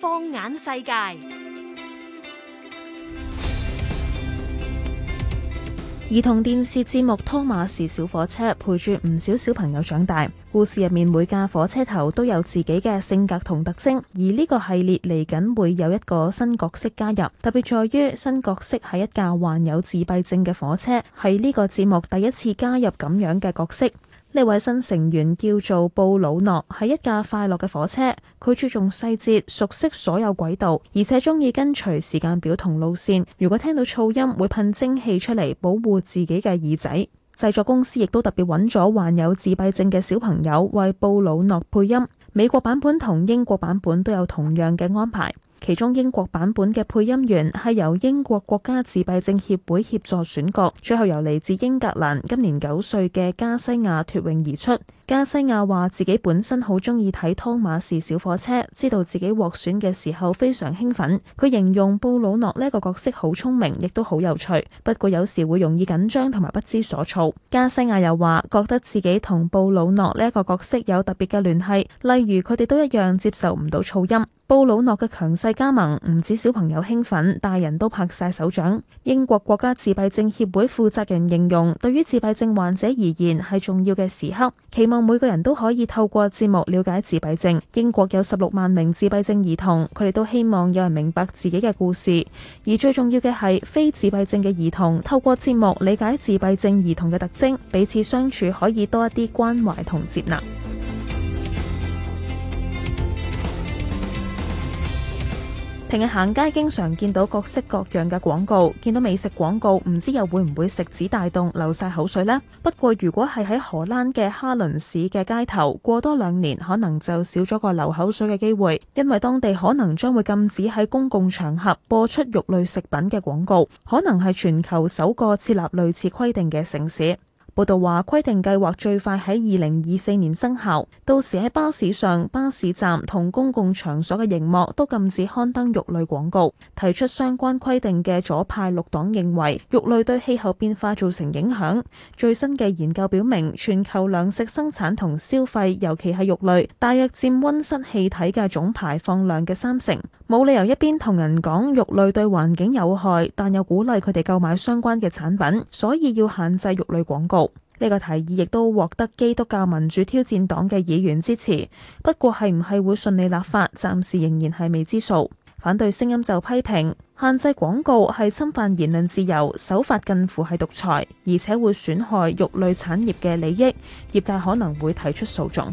放眼世界，兒童電視節目《托馬士小火車》陪住唔少小朋友長大。故事入面每架火車頭都有自己嘅性格同特徵，而呢個系列嚟緊會有一個新角色加入，特別在於新角色係一架患有自閉症嘅火車，係呢個節目第一次加入咁樣嘅角色。呢位新成員叫做布魯諾，係一架快樂嘅火車，佢注重細節，熟悉所有軌道，而且中意跟隨時間表同路線，如果聽到噪音，會噴蒸汽出嚟保護自己嘅耳仔。製作公司亦都特別揾咗患有自閉症嘅小朋友為布魯諾配音。美國版本同英國版本都有同樣嘅安排。其中英國版本嘅配音員係由英國國家自閉症協會協助選角，最後由嚟自英格蘭今年九歲嘅加西亞脫穎而出。加西亞話自己本身好鍾意睇湯瑪士小火車，知道自己獲選嘅時候非常興奮。佢形容布魯諾呢個角色好聰明，亦都好有趣，不過有時會容易緊張同埋不知所措。加西亞又話覺得自己同布魯諾呢個角色有特別嘅聯繫，例如佢哋都一樣接受唔到噪音。布魯諾嘅強勢加盟唔止小朋友興奮，大人都拍晒手掌。英國國家自閉症協會負責人形容，對於自閉症患者而言係重要嘅時刻，期望每個人都可以透過節目了解自閉症。英國有十六萬名自閉症兒童，佢哋都希望有人明白自己嘅故事，而最重要嘅係非自閉症嘅兒童透過節目理解自閉症兒童嘅特徵，彼此相處可以多一啲關懷同接納。平日行街，經常見到各式各樣嘅廣告，見到美食廣告，唔知又會唔會食指大動流晒口水咧？不過如果係喺荷蘭嘅哈倫市嘅街頭過多兩年，可能就少咗個流口水嘅機會，因為當地可能將會禁止喺公共場合播出肉類食品嘅廣告，可能係全球首個設立類似規定嘅城市。報道話，規定計劃最快喺二零二四年生效，到時喺巴士上、巴士站同公共場所嘅熒幕都禁止刊登肉類廣告。提出相關規定嘅左派綠黨認為，肉類對氣候變化造成影響。最新嘅研究表明，全球糧食生產同消費，尤其係肉類，大約佔溫室氣體嘅總排放量嘅三成。冇理由一邊同人講肉類對環境有害，但又鼓勵佢哋購買相關嘅產品，所以要限制肉類廣告。呢個提議亦都獲得基督教民主挑戰黨嘅議員支持，不過係唔係會順利立法，暫時仍然係未知數。反對聲音就批評限制廣告係侵犯言論自由，手法近乎係獨裁，而且會損害肉類產業嘅利益，業界可能會提出訴訟。